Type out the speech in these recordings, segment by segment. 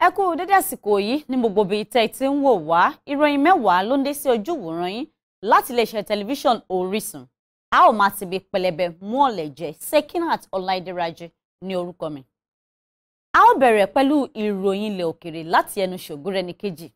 ẹ kú dédé àsìkò yìí ní gbogbo ibi tẹ́ ẹ ti ń wò wá ìròyìn mẹ́wàá ló ń dé sí ojú yín láti iléeṣẹ́ tẹlifíṣàn Orísun a ó máa ti bi pẹlẹbẹ mú ọ̀lẹ̀ jẹ Sekinat Ọláìdíraji ní orúkọ mi. a ó bẹ̀rẹ̀ pẹ̀lú ìròyìn ilẹ̀ òkèrè láti ẹnu ṣògùrẹ́nìkejì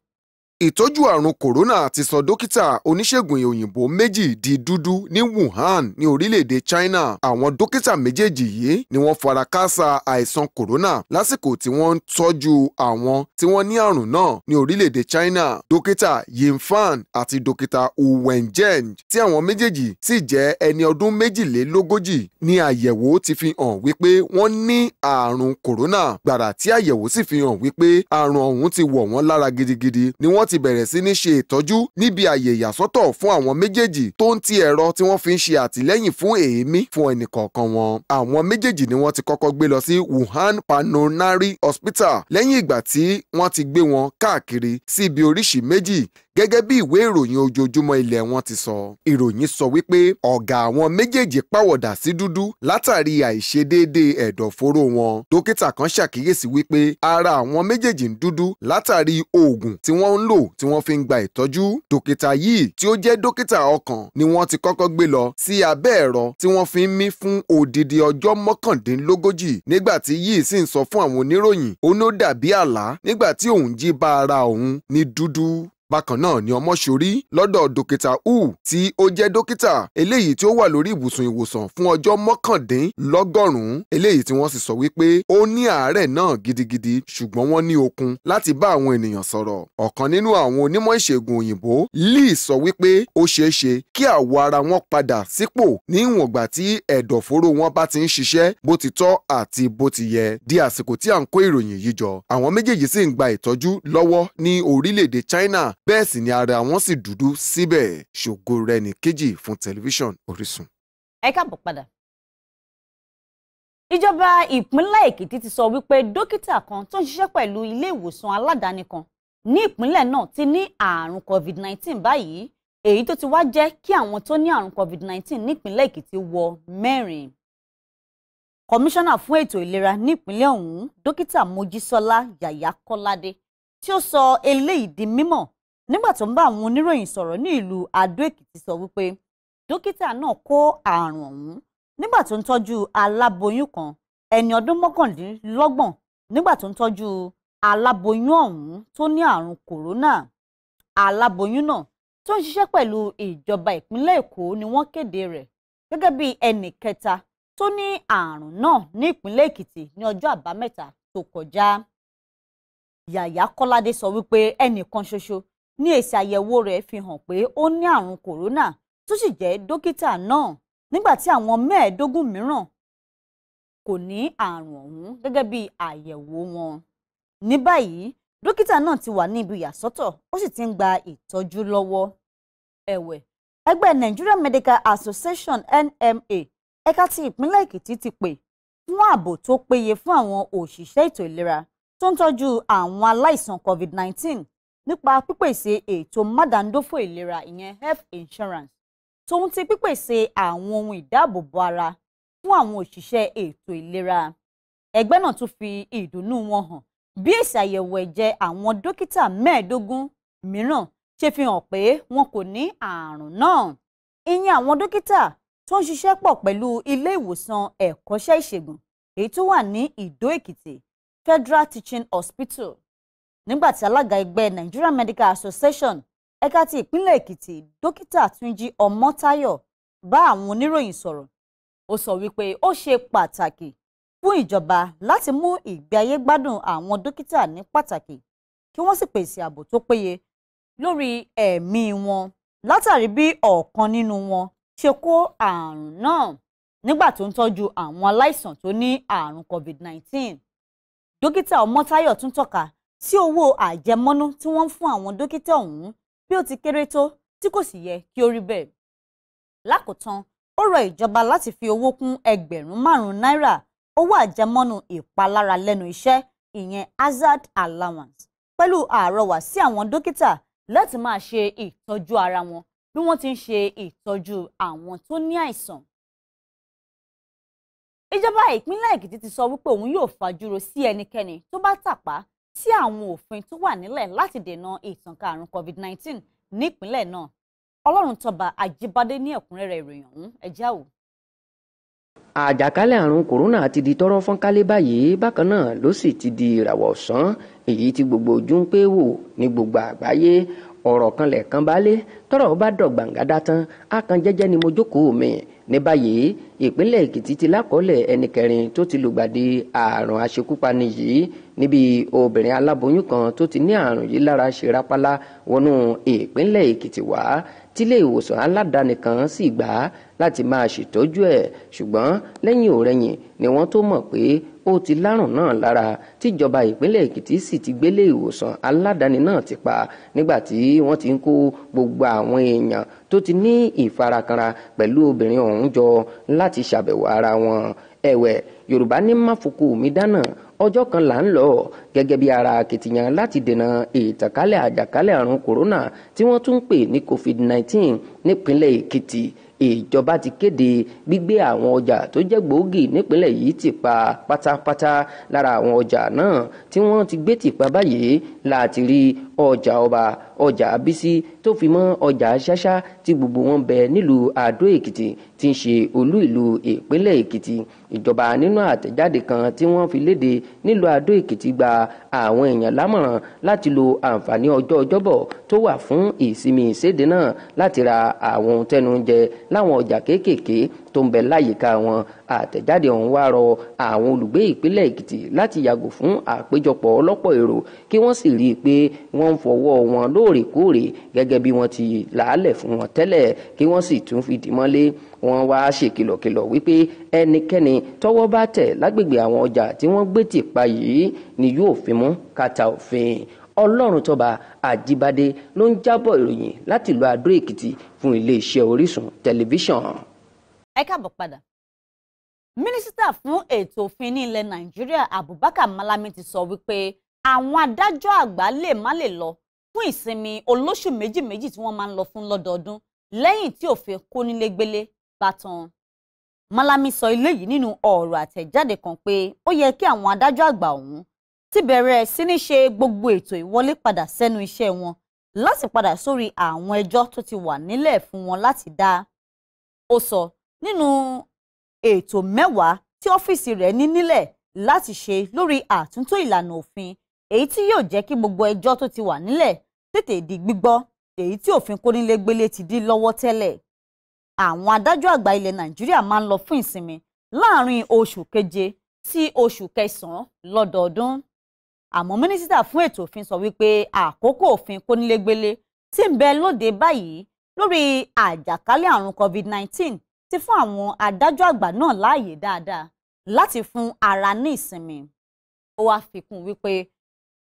ìtọ́jú àrùn kòrónà ti sọ dókítà oníṣègùn òyìnbó méjì di dúdú ní Wuhan ní orílẹ̀-èdè China àwọn dókítà méjèèjì yìí ni wọ́n fara káásá àìsàn kòrónà lásìkò tí wọ́n ń tọ́jú àwọn tí wọ́n ní àrùn náà ní orílẹ̀-èdè China dókítà Yinfan àti dókítà Wu Wenjing tí àwọn méjèèjì sì jẹ́ ẹni ọdún méjìlélógójì ní àyẹ̀wò ti fi hàn wípé wọ́n ní àrùn kòrónà gbàrà tí àyẹ̀wò sì fi hàn wípé àrùn ọ̀hún ti wọ̀ wọ́n lára gidigidi ni wọ́n wọ́n ti bẹ̀rẹ̀ sí ní ṣe ìtọ́jú níbi àyè ìyàsọ́tọ̀ fún àwọn méjèèjì tó ń ti ẹ̀rọ tí wọ́n fi ń ṣe àtìlẹ́yìn fún èémí fún ẹnìkọ̀ọ̀kan wọn. àwọn méjèèjì ni wọ́n ti kọ́kọ́ gbé lọ sí Wuhan Pulmonary Hospital lẹ́yìn ìgbà tí wọ́n ti gbé wọn káàkiri sí ibi méjì gẹ́gẹ́ bí ìwé ìròyìn ojoojúmọ́ ilẹ̀ wọn ti sọ. ìròyìn sọ wípé ọ̀gá àwọn méjèèjì pàwọ̀dà sí dúdú látàrí àìṣedéédé ẹ̀dọ̀fóró wọn. dókítà kan ṣàkíyèsí wípé ara àwọn méjèèjì ń dúdú látàrí oògùn tí wọ́n ń lò tí wọ́n fi ń gba ìtọ́jú. dókítà yìí tí ó jẹ́ dókítà ọkàn ni wọ́n ti kọ́kọ́ gbé lọ sí abẹ́ ẹ̀rọ tí wọ́n fi ń mí fún odidi ọjọ́ mọ́kàndínlógójì nígbà tí yìí sì ń sọ fún àwọn oníròyìn ó ló dàbí àlá nígbà tí òun jí bá ara òun ní dúdú bákan náà ni ọmọ ṣorí lọ́dọ̀ dókítà hu tí ó jẹ́ dókítà eléyìí tí ó wà lórí ibùsùn ìwòsàn fún ọjọ́ mọ́kàndínlọ́gọ́rùn-ún eléyìí tí wọ́n sì sọ wípé ó ní àárẹ̀ náà gidigidi ṣùgbọ́n wọ́n ní okun láti bá àwọn ènìyàn sọ̀rọ̀ ọ̀kan nínú àwọn onímọ̀ ìṣègùn òyìnbó lee sọ wípé ó ṣeé ṣe kí àwọ̀ ara wọn padà sípò níwọ̀n ìgbà tí ẹ̀dọ̀fóró wọn bá ti ń ṣiṣẹ́ bó ti tọ́ àti bó ti yẹ di àsìkò tí à China bẹ́ẹ̀ sì ni ara wọn sì dúdú síbẹ̀ ṣògo rẹ ní kejì fún tẹlifíṣàn Orísun. ẹ káàbọ̀ padà ìjọba ìpínlẹ̀ Èkìtì ti sọ wípé dókítà kan tó ń ṣiṣẹ́ pẹ̀lú ilé ìwòsàn aládàáni kan ní ìpínlẹ̀ náà ti ní àrùn COVID-19 báyìí èyí tó ti wá jẹ́ kí àwọn tó ní àrùn COVID-19 nípínlẹ̀ Èkìtì wọ mẹ́rin kọmíṣánná fún ètò ìlera nípínlẹ̀ ọ̀hún dókítà Mojísọ́lá Yàyà Kọ́ládé tí ó sọ eléyìí di mímọ̀ nígbà tó ń bá àwọn oníròyìn sọ̀rọ̀ ní ìlú Adó Èkìtì sọ wípé dókítà náà kó àrùn ọ̀hún nígbà tó ń tọ́jú aláboyún kan ẹni ọdún mọ́kàndínlọ́gbọ̀n nígbà tó ń tọ́jú aláboyún ọ̀hún tó ní àrùn kòrónà aláboyún náà tó ń ṣiṣẹ́ pẹ̀lú ìjọba ìpínlẹ̀ Èkó ni wọ́n kéde rẹ̀ gẹ́gẹ́ bí ẹnì kẹta tó ní àrùn náà ní ìpínlẹ̀ Èkìtì ní ọjọ́ àbámẹ́ta tó kọjá Yàyà Kọ́ládé sọ wípé ẹnìkan ṣoṣo ní èsì àyẹ̀wò rẹ̀ fi hàn pé ó ní àrùn kòrónà tó sì jẹ́ dókítà náà nígbà tí àwọn mẹ́ẹ̀ẹ́dógún mìíràn kò ní àrùn ọ̀hún gẹ́gẹ́ bí àyẹ̀wò wọn. ní báyìí dókítà náà ti wà ní ibi ìyàsọ́tọ̀ ó sì ti ń gba ìtọ́jú lọ́wọ́. ẹ̀wẹ̀ ẹgbẹ́ Nigerian Medical Association NMA ẹ̀ka ti ìpínlẹ̀ Èkìtì ti pè fún ààbò tó péye fún àwọn òṣìṣẹ́ ètò ìlera tó ń tọ́jú àwọn aláìsàn COVID-19 nípa pípèsè ètò mádàndófò ìlera ìyẹn health insurance tòun ti pípèsè àwọn ohun ìdáàbòbò ara fún àwọn òṣìṣẹ́ ètò ìlera ẹgbẹ́ náà tún fi ìdùnnú wọn hàn bí èsì àyẹ̀wò ẹ̀jẹ̀ àwọn dókítà mẹ́ẹ̀ẹ́dógún mìíràn ṣe fi hàn pé wọn kò ní ààrùn náà ìyẹn àwọn dókítà tó ń ṣiṣẹ́ pọ̀ pẹ̀lú ilé ìwòsàn ẹ̀kọ́ṣẹ́ ìṣègùn èyí tó wà ní ìdó èkìtì Federal Teaching Hospital nígbà tí alága ẹgbẹ́ Nigerian Medical Association ẹ̀ka ti ìpínlẹ̀ Èkìtì dókítà Túnjí Ọmọ́táyọ̀ bá àwọn oníròyìn sọ̀rọ̀ ó sọ wípé ó ṣe pàtàkì fún ìjọba láti mú ìgbé ayé gbádùn àwọn dókítà ní pàtàkì kí wọ́n sì pèsè ààbò tó péye lórí ẹ̀mí wọn látàrí bí ọ̀kan nínú wọn ṣe kó àrùn náà nígbà tó ń tọ́jú àwọn aláìsàn tó ní àrùn COVID-19 dókítà Ọmọ́táyọ̀ tún tọ́ka tí owó àjẹmọ́nú tí wọ́n ń fún àwọn dókítà ọ̀hún bí ó ti kéré tó tí kò sì yẹ kí ó rí bẹ́ẹ̀. lákòótán ó rọ ìjọba láti fi owó kún ẹgbẹ̀rún márùn-ún náírà owó àjẹmọ́nú ìpalára lẹ́nu iṣẹ́ ìyẹn hazard allowance pẹ̀lú àrọwà sí àwọn dókítà láti máa ṣe ìtọ́jú ara wọn bí wọ́n ti ń ṣe ìtọ́jú àwọn tó ní àìsàn. ìjọba ìpínlẹ̀ èkìtì ti sọ wípé òun yóò fàjúrò sí ẹnikẹ́ni tó bá tàpá sí àwọn òfin tó wà nílẹ̀ láti dènà ìtànká àrùn covid-19 nípínlẹ̀ náà Ọlọ́runtóba Ajíbádé ní ẹ̀kúnrẹ́rẹ́ ìròyìn ọ̀hún ẹ̀já o. àjàkálẹ̀ àrùn kòrónà ti di tọ́rọ́ fọ́nkálé báyìí bákan náà ló sì ti di ìràwọ̀ ọ̀sán èyí tí gbogbo ojú ń pé wò ní gbogbo àgbáyé ọ̀rọ̀ kan lẹ̀kan bá lé tọ́rọ̀ bá dọ̀gbàǹgàdá tán á kan jẹ́jẹ́ ni mo jókòó mi ní báyìí ìpínlẹ̀ èkìtì ti lákọọ́lẹ̀ ẹni kẹrin tó ti lùgbàdì àrùn aṣekúpani yìí níbi obìnrin aláboyún kan tó ti ní àrùn yìí lára ṣe rápálá wọnú ìpínlẹ̀ èkìtì wá tílé ìwòsàn aládàáni kan sì gbà á láti máa ṣètọ́jú ẹ̀ ṣùgbọ́n lẹ́yìn òrẹyìn ni wọ́n tó mọ̀ pé ó ti lárùn náà lára tíjọba ìpínlẹ̀ èkìtì sì ti gbélé ìwòsàn aládàáni náà ti pa nígbà tí wọ́n ti ń kó gbogbo àwọn èèyàn tó ti ní ìfarakanra pẹ̀lú obìnrin ọ̀hún jọ láti ṣàbẹ̀wò ara wọn ẹ̀wẹ̀ yorùbá ní máfòkò mi dáná ọjọ́ kan là ń lọ gẹ́gẹ́ bí ara akitiyan láti dènà ìtànkálẹ̀ àjàkálẹ̀ àrùn kòrónà tí wọ́n tún ń pè ní covid-19 nípínlẹ̀ èkìtì ìjọba ti kéde gbígbé àwọn ọjà tó jẹ́ gbòógì nípínlẹ̀ yìí ti pa pátápátá lára àwọn ọjà náà tí wọ́n ti gbé tìpa báyìí láti rí ọjà ọba ọjà bísí tó fi mọ́ ọjà ṣáṣá tí gbogbo wọn bẹ nílùú àdó èkìtì tí ń ṣe olú ìlú ìpínlẹ̀ èkìtì ìjọba nínú àtẹ̀jáde kan tí wọ́n fi léde nílùú àdó èkìtì gba àwọn èèyàn lámọ̀ràn láti lo àǹfààní ọjọ́ ọjọ́bọ̀ tó wà fún ìsinmi ìséde náà láti ra àwọn ohun tẹnu ń jẹ láwọn ọjà kéékèèké tó ń bẹ láyìíká wọn àtẹ̀jáde ọ̀hún wá rọ àwọn olùgbé ìpínlẹ̀ èkìtì láti yàgò fún àpéjọpọ̀ ọlọ́pọ̀ wọ́n ń fọwọ́ wọn lóòrèkóòrè gẹ́gẹ́ bí wọ́n ti làálẹ̀ fún wọn tẹ́lẹ̀ kí wọ́n sì tún fìdí mọ́lé wọ́n wá ṣèkìlọ̀kìlọ̀ wípé ẹnikẹ́ni tọ́wọ́ bá tẹ̀ lágbègbè àwọn ọjà tí wọ́n gbé tì pa yìí ni yóò fi mú kàtà òfin ọlọ́run tọ́ba àjíbádé ló ń jábọ̀ ìròyìn láti ìlú àdó èkìtì fún iléeṣẹ́ orísun tẹlifíṣàn. ẹ káàbọ̀ padà mínísítà fún ètò òfin ní ilẹ̀ nàìjíríà abubakar malami ti sọ wípé àwọn adájọ́ àgbà lè má lè lọ fún ìsinmi olóṣù méjì méjì tí wọ́n máa ń lọ fún lọ́dọọdún lẹ́yìn tí òfin kónílégbélé bá tán. Malami sọ eléyìí nínú ọ̀rọ̀ àtẹ̀jáde kan pé ó yẹ kí àwọn adájọ́ àgbà ọ̀hún ti bẹ̀rẹ̀ sí ní ṣe gbogbo ètò ìwọlé padà sẹ́nu iṣẹ́ wọn láti padà sórí àwọn ẹjọ́ tó ti wà nílẹ̀ fún wọn láti dá. Ó sọ nínú ètò mẹ́wàá tí ọ́fíìsì rẹ̀ ní nílẹ̀ láti ṣe lórí àtúntò ìlànà òfin èyí tí yóò jẹ́ kí gbogbo ẹjọ́ tó ti wà nílẹ̀ tètè di gbígbọ́ èyí tí òfin kónílégbélé ti dí lọ́wọ́ tẹ́lẹ̀ àwọn adájọ́ àgbà ilẹ̀ nàìjíríà máa ń lọ fún ìsinmi láàrin oṣù keje sí oṣù kẹsànán lọ́dọọdún àmọ́ mínísítà fún ètò òfin sọ wípé àkókò òfin kónílégbélé tí ń bẹ lóde báyìí lórí àjàkálẹ̀ àrùn covid-19 ti fún àwọn adájọ́ àgbà náà láàyè dáadáa láti fún ara ní ìsinmi ó wáá fikún wípé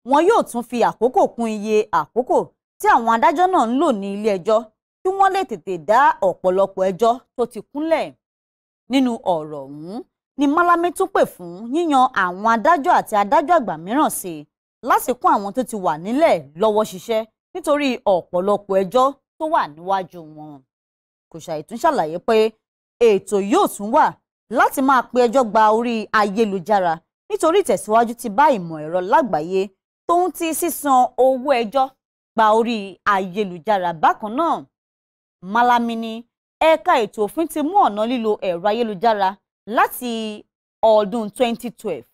wọn yóò tún fi àkókò kún iye àkókò tí àwọn adájọ́ náà ń lò ní ilé ẹjọ́ kí wọ́n lè tètè dá ọ̀pọ̀lọpọ̀ ẹjọ́ tó ti kúnlẹ̀ nínú ọ̀rọ̀ ọ̀hún ni Malami tún pè fún yíyan àwọn adájọ́ àti adájọ́ àgbà mìíràn sí i lásìkò àwọn tó ti wà nílẹ̀ lọ́wọ́ ṣiṣẹ́ nítorí ọ̀pọ̀lọpọ̀ ẹjọ́ tó wà níwájú wọn kò ṣàì tún ṣàlàyé pé ètò yóò tún wà láti máa pe ẹjọ́ gba orí ayélujára nítorí ìtẹ̀síwájú ti bá ìmọ̀ ẹ̀rọ lágbàáyé tóun ti sísan owó ẹjọ́ gba orí ayélujára bákan náà Malami ní ẹ̀ka ètò òfin ti mú ọ̀nà lílo ẹ̀rọ ayélujára láti ọdún 2012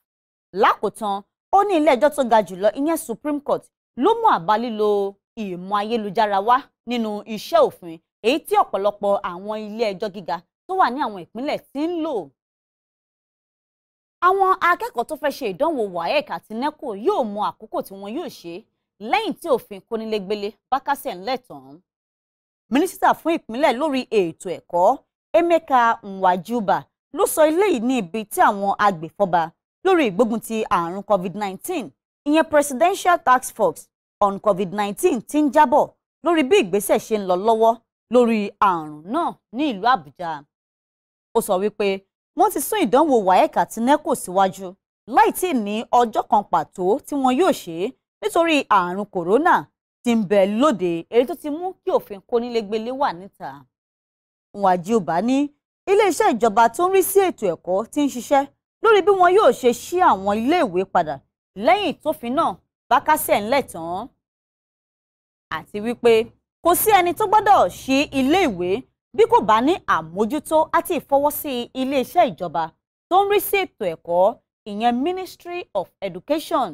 lákòótán ó ní ilé-ẹjọ́ tó ga jùlọ ìyẹn Supreme Court ló mú àbá lílo ìmọ̀ ayélujára wá nínú iṣẹ́ òfin èyí tí ọ̀pọ̀lọpọ̀ àwọn ilé-ẹjọ́ gíga tó wà ní àwọn ìpínlẹ̀ ti ń lò àwọn akẹ́kọ̀ọ́ tó fẹ́ ṣe ìdánwò WAEC àti NECO yóò mọ àkókò tí wọ́n yóò ṣe lẹ́yìn tí òfin kónílégbélé bá kásẹ̀ ńlẹ̀ tán. mínísítà fún ìpínlẹ̀ lórí ètò ẹ̀kọ́ Emeka Nwajuba ló sọ eléyìí ní ibi tí àwọn agbèfọ́ba lórí ìgbógun ti àrùn COVID-19 ìyẹn Presidential Task Force on COVID-19 ti ń jábọ̀ lórí bí ìgbésẹ̀ ṣe ń lọ lọ́wọ́ lórí àrùn náà ní ìlú Àbújá. ó sọ wípé wọ́n ti sún ìdánwò waec àti neco síwájú láì tí ì ní ọjọ́ kan pàtó tí wọn yóò ṣe é nítorí àrùn kòrónà tí ń bẹ lóde èyí tó ti mú kí òfin kónílégbélé wà níta. nwaji ọba ní iléeṣẹ́ ìjọba tó ń rí sí ètò ẹ̀kọ́ ti ń ṣiṣẹ́ lórí bí wọn yóò ṣe ṣí àwọn iléèwé padà lẹ́yìn tófin náà bá kásẹ̀ tán. àti wípé kò sí ẹni tó gbọ́dọ̀ ṣí iléèwé bí kò bá ní àmójútó àti ìfọwọ́sí iléeṣẹ́ ìjọba tó ń rí sí ètò ẹ̀kọ́ ìyẹn Ministry of Education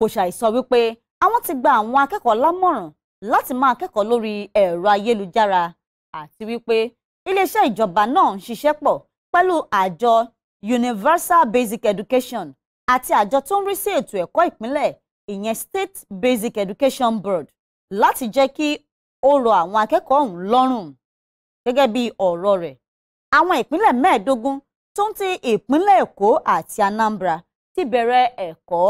kò ṣàìsọ wípé àwọn ti gba àwọn akẹ́kọ̀ọ́ lámọ̀ràn láti máa kẹ́kọ̀ọ́ lórí ẹ̀rọ ayélujára àti wípé iléeṣẹ́ ìjọba náà ń ṣiṣẹ́ pọ̀ pẹ̀lú àjọ Universal Basic Education àti àjọ tó ń rí sí ètò ẹ̀kọ́ ìpínlẹ̀ ìyẹn State Basic Education Board láti jẹ́ kí ó rọ àwọn akẹ́kọ̀ọ́ ọ̀hún lọ́rùn gẹ́gẹ́ bí ọ̀rọ̀ rẹ̀ àwọn ìpínlẹ̀ mẹ́ẹ̀ẹ́dógún tó ń ti ìpínlẹ̀ Èkó àti Anambra ti bẹ̀rẹ̀ ẹ̀kọ́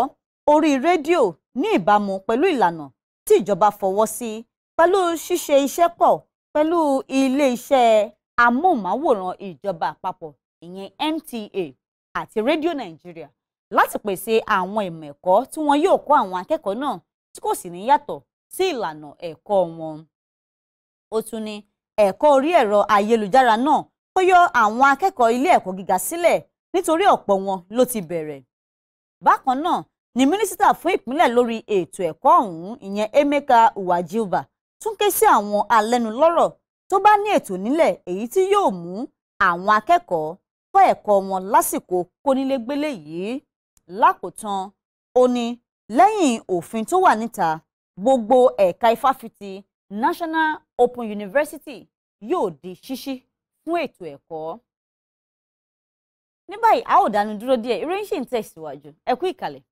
orí rédíò ní ìbámu pẹ̀lú ìlànà tí ìjọba fọwọ́ sí pẹ̀lú ṣíṣe iṣẹ́ pọ̀ pẹ̀lú ilé-iṣẹ́ amóhùnmáwòrán ìjọba àpapọ̀ ìyẹn NTA àti rédíò Nàìjíríà láti pèsè àwọn ìmọ̀ ẹ̀kọ́ tí wọn yóò kọ́ àwọn akẹ́kọ̀ọ́ náà tí kò sì ní yàtọ̀ sí ìlànà ẹ̀kọ́ wọn ó tún ní ẹ̀kọ́ orí ẹ̀rọ ayélujára náà ó yọ àwọn akẹ́kọ̀ọ́ ilé ẹ̀kọ́ gíga sílẹ̀ nítorí ọ̀pọ̀ wọn ló ti bẹ̀rẹ̀ bákan náà ni mínísítà fún ìpínlẹ̀ lórí ètò ẹ̀kọ́ ọ̀hún ìyẹn Emeka Uwajiuba tún ké sí àwọn alẹ́nulọ́rọ̀ tó bá ní ètò nílẹ̀ èyí tí yóò mú àwọn akẹ́kọ̀ọ́ kọ́ ẹ̀kọ́ wọn lásìkò kónílégbélé yìí lákòótán ó ní lẹ́yìn òfin tó wà níta gbogbo ẹ̀ka ifáfitì National Open University yóò di ṣíṣí fún ètò ẹ̀kọ́. ní báyìí a ó dánu dúró díẹ̀ ìròyìn ṣì ń tẹ̀síwájú ẹ kú ìkàlẹ̀.